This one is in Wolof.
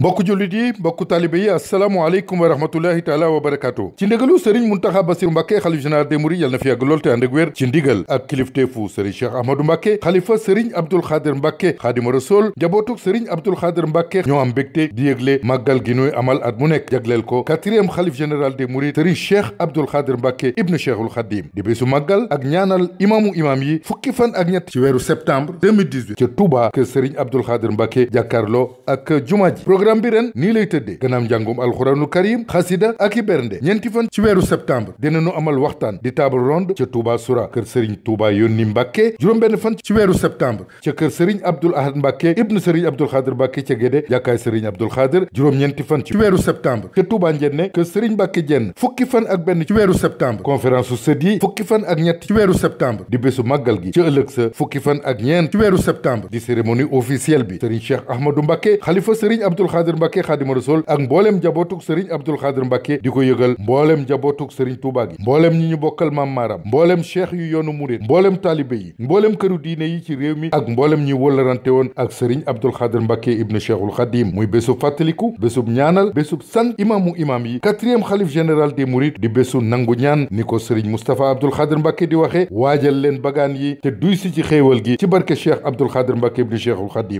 mbokku jullit yi mbokku taalibe yi asalaamaaleykum wa rahmatullahi taala wa barakaatu ci ndigalu sëriñ muntaxa basiru mbàkke xalif général des mourides yal na fi yàgg lool te ànd ak wér ci ndigal ak kilifteefu sëriñ cheikh ahmadou mbàkke xalifa sëriñ abdul xaadir mbàkke xaadima rasool njabootuk sëriñ abdul xaadir mbàkke ñoo am mbégte di yëgle màggal gi nuy amal at mu nekk jagleel ko quatrième xalif général des mourides sëriñ cheikh abdul xaadir mbàkke ibnu cheikhul xadim di bésu màggal ak ñaanal imaamu imaam yi fukki fan ak ñett ci weeru septembre 2018 ca touba kër sëriñ abdul xaadir ak juma programme bi ren nii lay tëddee gannaaw njàngum alxuraanul karim xasida ak i bernde ñeenti fan ci weeru septembre dinañu amal waxtaan di table ronde ca Touba Soura kër Serigne Touba Yónni Mbàkke juróom-benn fan ci weeru septembre ca kër Serigne Abdoul Ahad Mbàkke ibnu Serigne Abdoul Xaadir Mbàkke ca Gédé jàkkaay Serigne Abdoul Xaadir juróom-ñeenti fan ci weeru septembre ca Touba Njenne kër Serigne Mbàkke Jenn fukki fan ak benn ci weeru septembre conférence su sët yi fukki fan ak ñett ci weeru septembre di bésu màggal gi ci ëllëg sa fukki fan ak ñeent ci weeru septembre di cérémonie officielle bi Serigne Cheikh Ahmadou Mbàkke xalifa Serigne Abdoul Xaadir Mbàkke Xaadimu Rasuul ak mbooleem njabootug sëriñ Abdul Xaadir Mbàkke di ko yëgal mbooleem njabootug sëriñ Tuubaa gi mbooleem ñi ñu bokkal maam maaram mbooleem cheikh yu yoonu murit mbooleem taalibe yi mbooleem këru diine yi ci réew mi ak mbooleem ñi wëllarante woon ak sëriñ Abdul Xaadir Mbàkke ibnu Cheikhul Xadim muy bésub fàttaliku bésub ñaanal bésub sant imaamu imaam yi quatrième xalif général des mourides di bésu nangu ñaan ni ko sëriñ Moustapha Abdul Xaadir Mbàkke di waxe waajal leen bagaan yi te duy si ci xéewal gi ci barke cheikh Abdul Xaadir Mbàkke ibnu Cheikhul Xadim